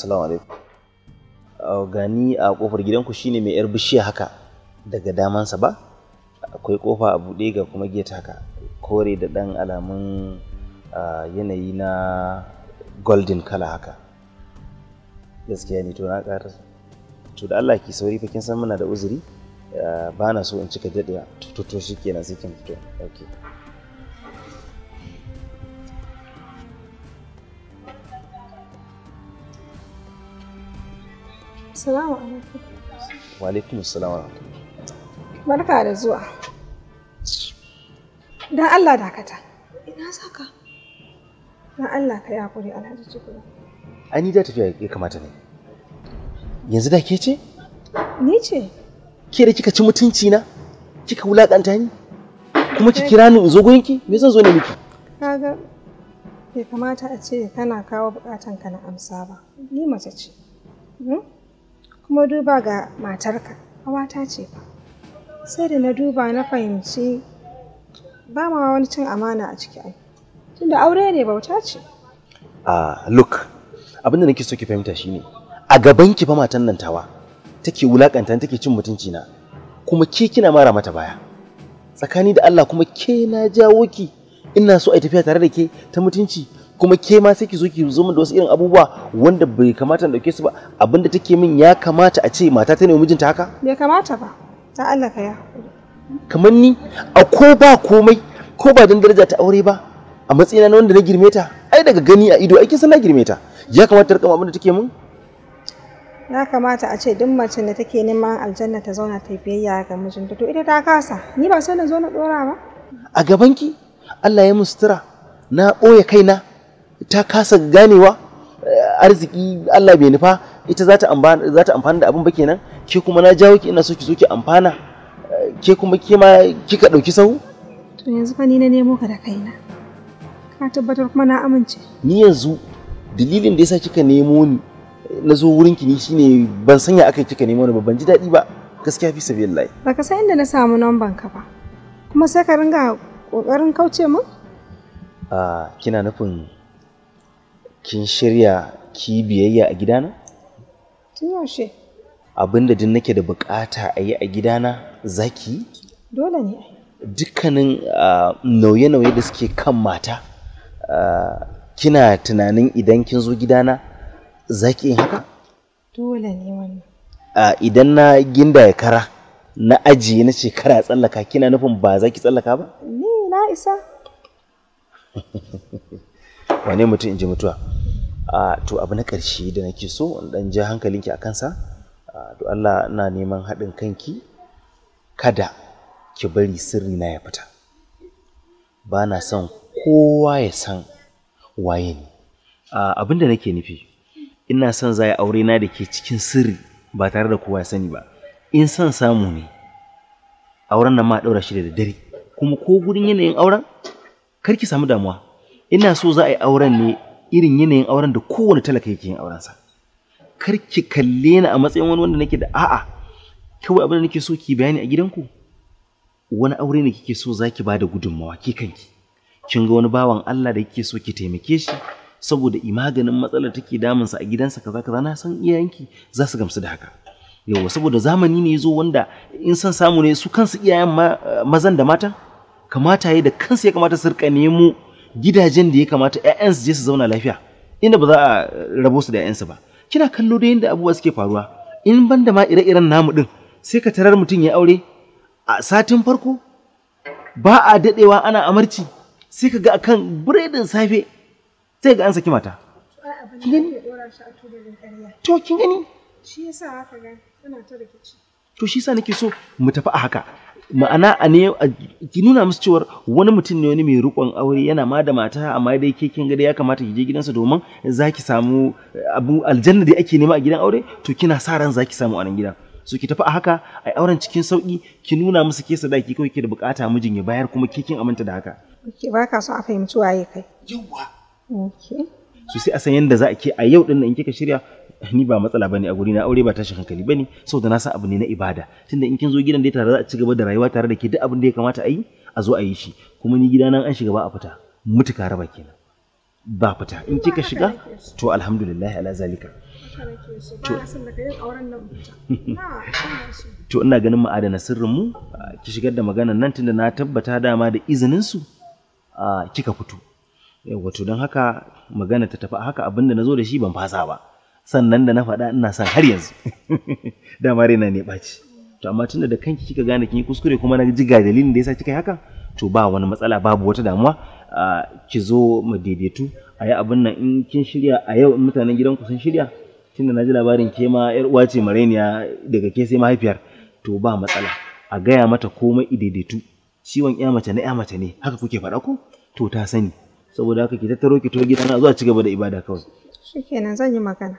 assalamu alaikum gani a kofar gidanku shine mai yar bishiya haka daga damansa ba akwai kofa a buɗe ga kuma gate haka kore da ɗan alamun yanayi na golden kala haka gaskiya ne to na ƙara to da Allah ki sauri fa kin san muna da uzuri ba na so in cika daɗewa to to shikenan sai kin fito okay Assalamu alaikum. Wa alaikum assalam. Barka da zuwa. Dan Allah dakata. Ina saka? Dan Allah ka ya kuri Alhaji Jikuru. Ai ni da tafiya ya kamata ne. Yanzu da ke ce? Ni ce. Ke da kika ci mutunci na? Kika wulakanta ni? Kuma ki kira ni in zo gurinki? Me zan zo ne miki? Kaga bai kamata a ce kana kawo bukatan ka na amsa ba. Ni mace ce. Hmm? kuma duba ga matarka ƙawata ce fa sai da na duba na fahimci ba ma wani cin amana a ciki ai tunda aure ne bauta ce a ah, look abinda nake so ki fahimta shine a gaban ki fa matan nan tawa take wulakanta take cin mutunci na kuma ke kina mara mata baya tsakani da Allah kuma ke na jawo ki ina so ai tafiya tare da ke ta mutunci kuma ke ma sai ki zo ki zo da wasu irin abubuwa wanda bai kamata na dauke su ba abinda take min ya kamata a ce mata ta ne mijinta haka bai kamata ba ta Allah ka ya kamar ni a ko ba komai ko ba dan daraja ta aure ba a matsayina na wanda na girme ta ai daga gani a ido aikin san na girme ta ya kamata ta rika abin da take min. ya kamata a ce duk macen da take neman aljanna ta zauna ta biyayya ga mijinta to ita ta kasa ni ba sai na zo na dora ba a gaban ki Allah ya mustura na ɓoye kaina ta kasa ganewa eh, arziki Allah bai nufa ita za ta amfana da abin ba kenan ke kuma na jawo ki ina so ki zo ki amfana eh, ke kuma ke ma kika ɗauki sahu to yanzu fa ni na nemo ka da kaina ka tabbatar kuma na amince ni yanzu dalilin da yasa kika nemo ni eh, na zo wurin ki ni shine ban sanya akan kika nemo ni ba ban ji daɗi ba gaskiya fi Allah. ba ka san inda na samu nomban ka ba kuma sai ka ringa kokarin kauce min Ah kina nufin kin shirya ki biyayya a gidana? Tun yaushe. Abinda din nake da bukata a yi a gidana za ki Dole ne. Dukkanin nauye-nauye da suke kan mata, kina tunanin idan kin zo gidana za ki yi haka? Dole ne wannan. Idan na ginda ya kara, na ajiye na shekara tsallaka kina nufin ba za ki tsallaka ba? Ni na isa. Wane mutum in ji mutuwa? to abu na ƙarshe da nake so in dan ji hankalinki a kansa to Allah ina neman haɗin kanki kada ki bari sirri na ya fita ba na son kowa ya san waye ne abin da nake nufi ina son zai aure na da ke cikin sirri ba tare da kowa ya sani ba in son samu ne auren nan ma ɗaura shi da dare kuma ko gurin yanayin auren kar ki samu damuwa ina so za a yi auren ne irin yanayin auren da kowane talaka yake yin aurensa kar ki kalle ni a matsayin wani wanda nake da a'a kawai abin da nake so ki bayani a gidanku wani aure ne kike so zaki bada gudunmawa ki kanki kin ga wani bawan Allah da kike so ki taimake shi saboda imaganin matsalar take sa a gidansa kaza kaza na san iyayenki za su gamsu da haka yawa saboda zamani ne yazo wanda in san samu ne su kansu iyayen mazan da matan kamata ya da kansu ya kamata su rika nemo gidajen da ya kamata su je su zauna lafiya inda ba za a rabo su da 'ya'yansu ba kina kallo da yadda abubuwa suke faruwa in ban da ma ire-iren namu din sai ka tarar mutum ya aure a satin farko ba a dadewa ana amarci sai ka ga akan biredin safe sai ga an saki mata kin gani to kin gani shi yasa haka ga tana ta rikici to shi yasa nake so mu tafi a haka ma'ana a ne ki nuna musu cewar wani mutum ne wani mai rukon aure yana ma da mata amma dai ke kin gada ya kamata ki je gidansa domin zaki samu eh, abu aljanna da ake nema a gidan aure to kina sa ran zaki samu a nan gidan so ki tafi a haka ai auren cikin sauki ki nuna musu ke sadaki kawai ke da bukata mijin ya bayar kuma ke kin aminta da haka ke ba so a fahimci waye kai yawa okay so sai a san yadda za a ke a yau din in kika shirya ni ba matsala bane a guri na aure ba tashin hankali bane saboda na san abu ne na ibada tunda in kin zo gidan dai tare za a ci gaba da rayuwa tare da ke duk abin da ya kamata a yi a zo a yi shi kuma ni gida nan an shiga ba a fita mutuka raba kenan ba fita in kika shiga to alhamdulillah ala zalika to ina ganin ma'adana sirrin mu ki shigar da maganar nan tunda na tabbata dama da izinin su kika fito wato don haka magana ta tafi haka abinda na zo da shi ban fasa ba sannan da na faɗa ina son har yanzu dama raina ne ɓaci to amma tunda da kanki kika gane kin yi kuskure kuma na ji ga dalilin da yasa kika yi hakan to ba wani matsala babu wata damuwa ki zo mu daidaitu a yi abin nan in kin shirya a yau in mutanen ku sun shirya tunda na ji labarin ke ma yar uwa ce marainiya daga ke sai mahaifiyar to ba matsala a gaya mata komai daidaitu ciwon ya mace na ya mace ne haka kuke faɗa ko to ta sani saboda haka ki tattaro ki to gidana zuwa ci gaba da ibada kawai shikenan zan yi magana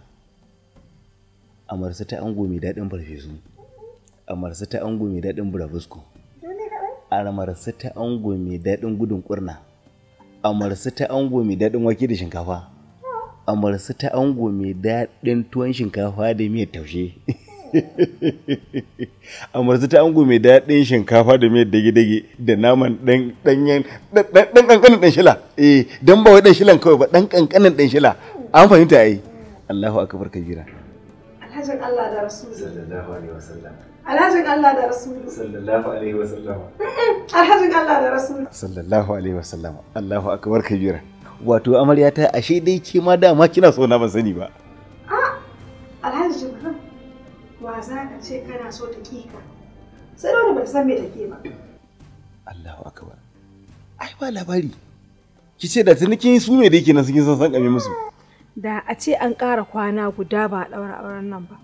amarsa ta ango mai daɗin farfesu amarsa ta ango mai daɗin burabusko amarsa ta ango mai daɗin gudun ƙurna amarsa ta ango mai daɗin wake da shinkafa amarsa ta ango mai daɗin tuwon shinkafa da miyar taushe amarsa ta ango mai daɗin shinkafa da miyar dage-dage da naman ɗan ƙanƙanin ɗan shila eh don ba wai ɗan shilan kawai ba ɗan ƙanƙanin ɗan shila an fahimta ai Allahu akbar kabira alhajin Allah da Rasulu. Sallallahu alaihi wasallam. Alhajin Allah da Rasulu. Sallallahu alaihi wasallam. Alhajin Allah da Rasulu. Sallallahu alaihi wasallam. Allahu akbar kabira. Wato amarya ta ashe dai ke ma dama kina so na ban sani ba. A Alhaji Jibrin wa za ka ce kana so ta kika? Sai dole ba ta san me take ba. Allahu akbar. Ai ba labari. Ki ce da tuni kin su me da yake nan sun san san kame musu. da a ce an ƙara kwana guda ba a ɗaura auren nan ba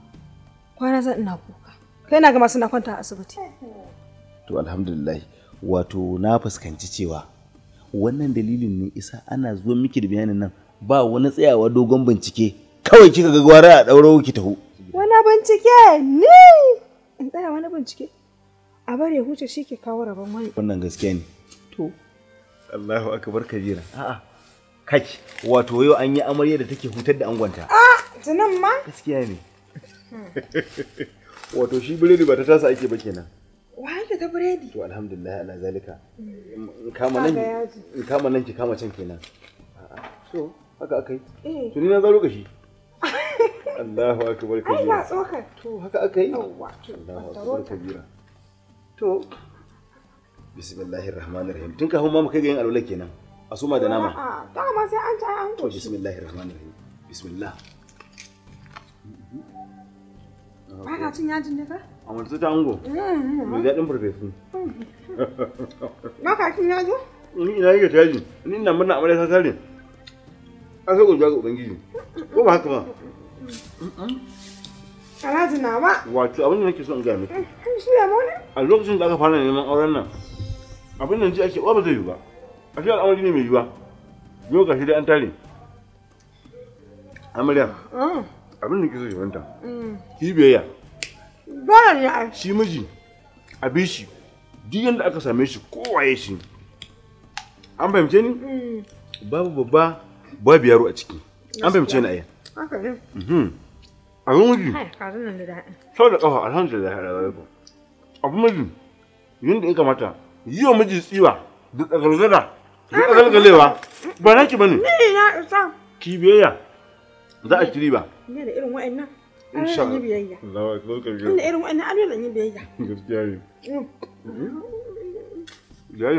kwana zan ina kuka kai na gama suna kwanta a asibiti to alhamdulillah wato na fuskanci cewa wannan dalilin ne isa ana zuwa miki da bayanin nan ba wani tsayawa dogon bincike kawai kika ga gwara a ɗaura wuki taho wani bincike ni in tsaya wani bincike a bar ya huce shi ke kawo rabon wani wannan gaskiya ne to Allahu akbar kabira a'a kai wato yau an yi amarya da take hutar da angonta a tunan ma gaskiya ne wato shi biredi ba ta tasa ake ba kenan wahala ta biredi to alhamdulillah ala zalika hmm. kama nan kama nan ki kama can kenan so haka akai eh. to ni na zaro gashi. shi Allahu akbar kabira ai ba to haka akai Allahu akbar kabira to bismillahir rahmanir rahim tun kafin ma mu kai ga yin alwala kenan a suma da nama a'a an ta an to bismillahir rahmanir rahim bismillah mm-hmm. ba ka cin yajin ne fa a wani ta ango mm-hmm. mai daɗin farfesu mm-hmm. ba ka cin yajin ni ina yake yaji ni ina murna amarya ta tare an sai godiya ga ubangiji ko ba haka ba Alhaji nawa. Wato abin da nake so in gaya miki. Shi ya mana? A lokacin da aka fara neman auren nan, abin da ji ake ba zai yi ba. A shi al'amari ne mai yiwuwa. yau gashi da an tare amarya mm. abin da kisa shimanta mm. ki biyayya dole ne ai shi miji a bi shi duk yadda aka same shi kowaye shi an fahimce ni mm. babu babba babu yaro a ciki an fahimce ni a haka ne mm-hmm. abin miji sau da kafa alhamdulillah alaikum abin miji yadda ya kamata yi wa miji tsiwa da zada Duk galgalewa ba na ki bane. Ni na isa. Ki biyayya. Za a ci riba. Ina da irin wa'annan. Insha Allah. Allah ya irin wa'annan alwala biyayya. Gaskiya ne. Mm. ya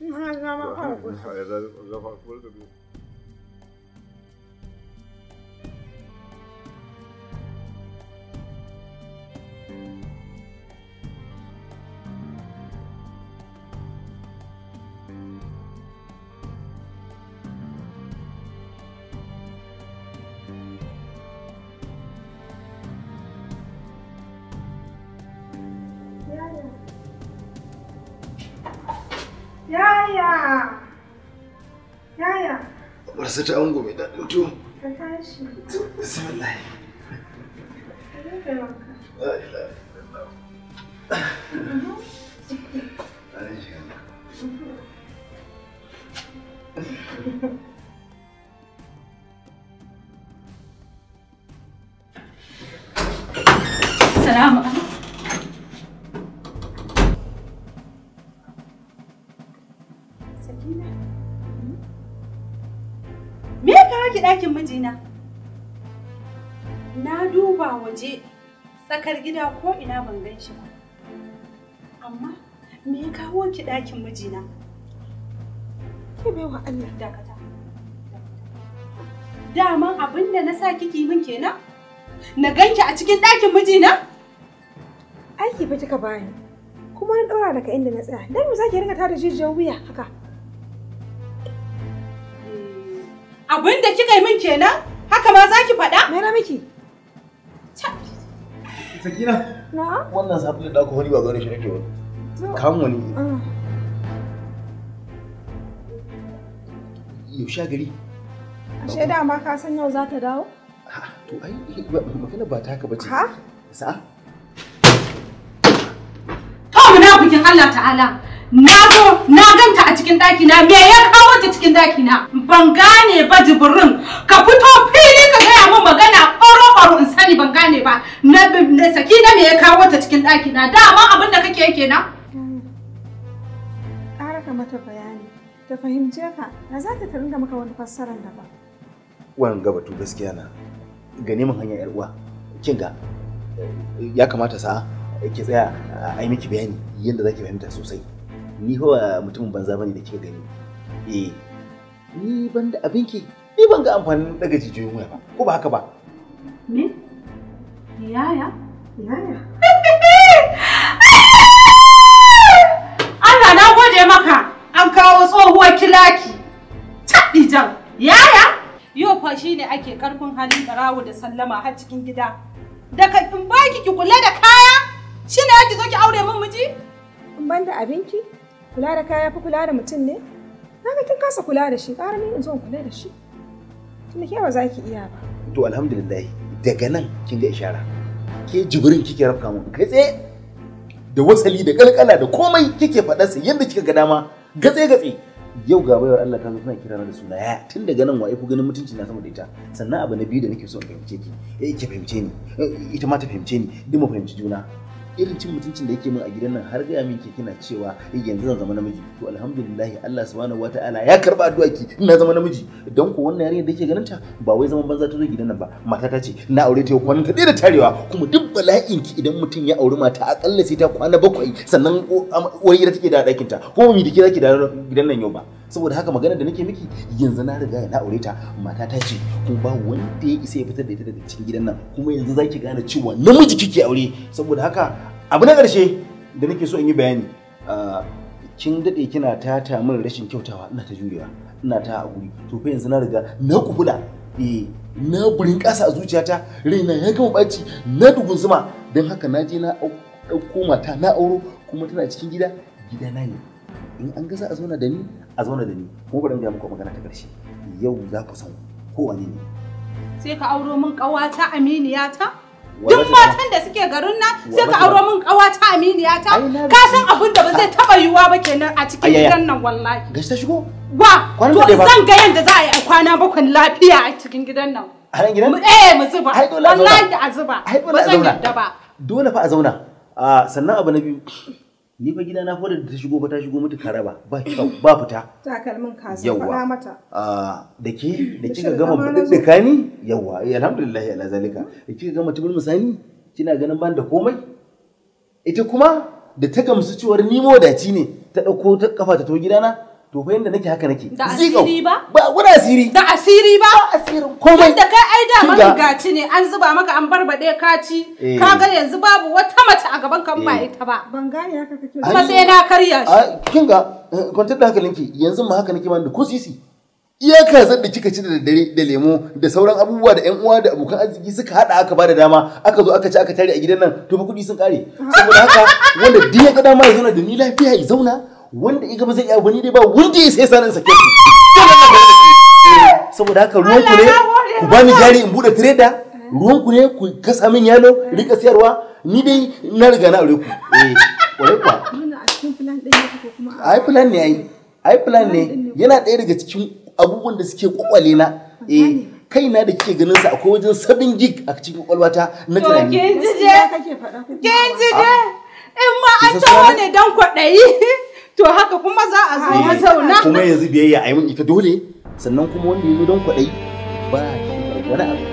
Na ga ma da ga fa ko Yaya! Yaya! Barsa ta ango mai daɗin tuwo. Ka tashi. Bismillah. mijina na duba waje tsakar gida ko ina ban gan shi ba amma me ya kawo ki ɗakin mijina ki wa Allah dakata abin da na sa kiki min kenan na ganki a cikin ɗakin mijina aiki ba kika bani kuma na ɗora daga inda na tsaya dan mu zaki ringa tada jijiyar wuya haka Abin da kika yi min kenan? Haka ma za ki faɗa? Mera miki. Sakina. Na? Wannan sabulin da aka hori ba gane shi nake wani. Kamun wani. Ah. Yaushe gari? Ashe dama ka san yau za ta dawo? Ha, to ai magana ba ta haka ba ce. Ha? Sa'a? Kawo bikin Allah ta'ala. na zo na ganta a cikin daki na me ya kawo ta cikin daki na ban gane ba jibrin ka fito fili ka gaya min magana ƙoro ƙoro in sani ban gane ba na saki na me ya kawo ta cikin daki na dama abin da kake na ƙara ka mata bayani ta fahimce ka na za ta ringa maka wani fassara da ba wannan gaba to gaskiya na ga neman hanyar yar uwa kin ga ya kamata sa'a ki tsaya a yi miki bayani yadda zaki fahimta sosai ni hawa mutumin banza bane da kika gani eh ni ban da abinki ni ban ga amfanin daga jijiyoyin waya ba ko ba haka ba me yaya yaya Allah na gode maka an kawo tsohuwar kilaki taɗi jan yaya yau fa ne ake karfin halin barawo da sallama har cikin gida daga in baki ki kula da kaya shine ake zo ki aure min miji in banda abinki Kula da kaya fi kula da mutum ne? Na kin kasa kula da shi, ƙara ni in zo kula da shi. Tunda ke ba za ki iya ba. To alhamdulillah daga nan kin ga ishara. Ke jibrin kike rafka mun kai tsaye da wasali da kalkala da komai kike sa yanda kika ga dama gatse gatse. yau ga bayar Allah ta zo tana kira da suna ya tun daga nan waye ku ganin mutunci na sama da ita sannan abu na biyu da nake so in fahimce ki eh ki fahimce ni eh, ita ma ta fahimce ni duk mu fahimci juna irin cin mutuncin da yake min a gidan nan har gaya min keke na cewa eh, yanzu zan zama namiji to alhamdulillah Allah subhanahu wataala ya karba addu'a ki ina zama namiji don ko wannan yarinyar da ke ganin ta ba wai zaman banza ta zo gidan nan ba mata ta ce na aure ta kwanan ta da tarewa kuma duk bala'in ki idan mutum ya auri mata a akalla sai ta kwana bakwai sannan uwar gida take da ɗakin ta ko mi da ke zaki da gidan nan yau ba saboda haka magana da nake miki yanzu na riga na aure ta mata ta ce kuma ba wanda ya isa ya fitar da ita daga cikin gidan nan kuma yanzu zaki gane cewa namiji kike aure saboda haka abu na ƙarshe da nake so in yi bayani kin dade kina tata min rashin kyautawa ina ta jurewa ina ta haƙuri to fa yanzu na riga na kubula eh na burin ƙasa a zuciyata raina ya gama ɓaci na dugun zuma don haka na je na ɗauko mata na auro kuma tana cikin gida gidana ne in an gaza a zauna da ni a zauna da ni kuma bari mu muku magana ta ƙarshe yau za ku san ko wani ne sai ka auro min ƙawata aminiyata duk matan da suke garin nan sai ka auro min ƙawata aminiyata ka san abin da ba zai ah. taba yiwuwa ba kenan a cikin gidan nan wallahi gashi ta shigo wa to zan ga yanda za a yi kwana bakwai lafiya a cikin gidan nan a nan gidan eh mu zuba wallahi a zuba ba zan yadda ba dole fa a zauna ah, sannan abu na biyu ni fa gida na fodar da ta shigo ba ta shigo mata raba ba kyau ba fita takalmin kasa fada mata ah, da ke da kika gama duka ni yawa alhamdulillah ala zalika da kika gama tubul musani kina ganin ban da komai ita kuma da ta gamsu cewar ni ci ne ta ɗauko ta kafa ta to gidana to fa yanda nake haka nake da asiri ba ba wani asiri da asiri ba ba asirin komai da kai ai da gaci ne an zuba maka an barbade ka ci eh. ka ga yanzu babu wata mace a gaban kan ba eh. ita ba ban gane haka kake kuma sai na karya shi kin ga eh, kwantar da linki yanzu ma haka nake ma da ko sisi iya kazar da kika ci da daddare da lemo da sauran abubuwa da yan uwa da abokan arziki suka hada aka bada dama aka zo aka ci aka tare a gidan nan to ba kudi sun kare saboda haka wanda duk ya ga dama ya zauna da ni lafiya ya zauna wanda iga ba zai iya wani dai ba wanda ya sai sanin sake ku saboda haka ruwan ku ne ku ba ni jari in bude trader ruwan ku ne ku gasa min yalo rika siyarwa ni dai na riga na aure ku eh wai kuwa ai plan ne ai ai plan ne yana ɗaya daga cikin abubuwan da suke kwakwale na eh na da kike ganin sa akwai wajen sabin gig a cikin kwakwalwata na tunani to kin ji je kin ji je ah. in ma an tawo ne dan kwadayi to haka kuma za a zo mazauna eh, kuma yanzu biyayya a yi mun ita dole sannan kuma wanda ya zo don kwaɗayi ba shi wani abu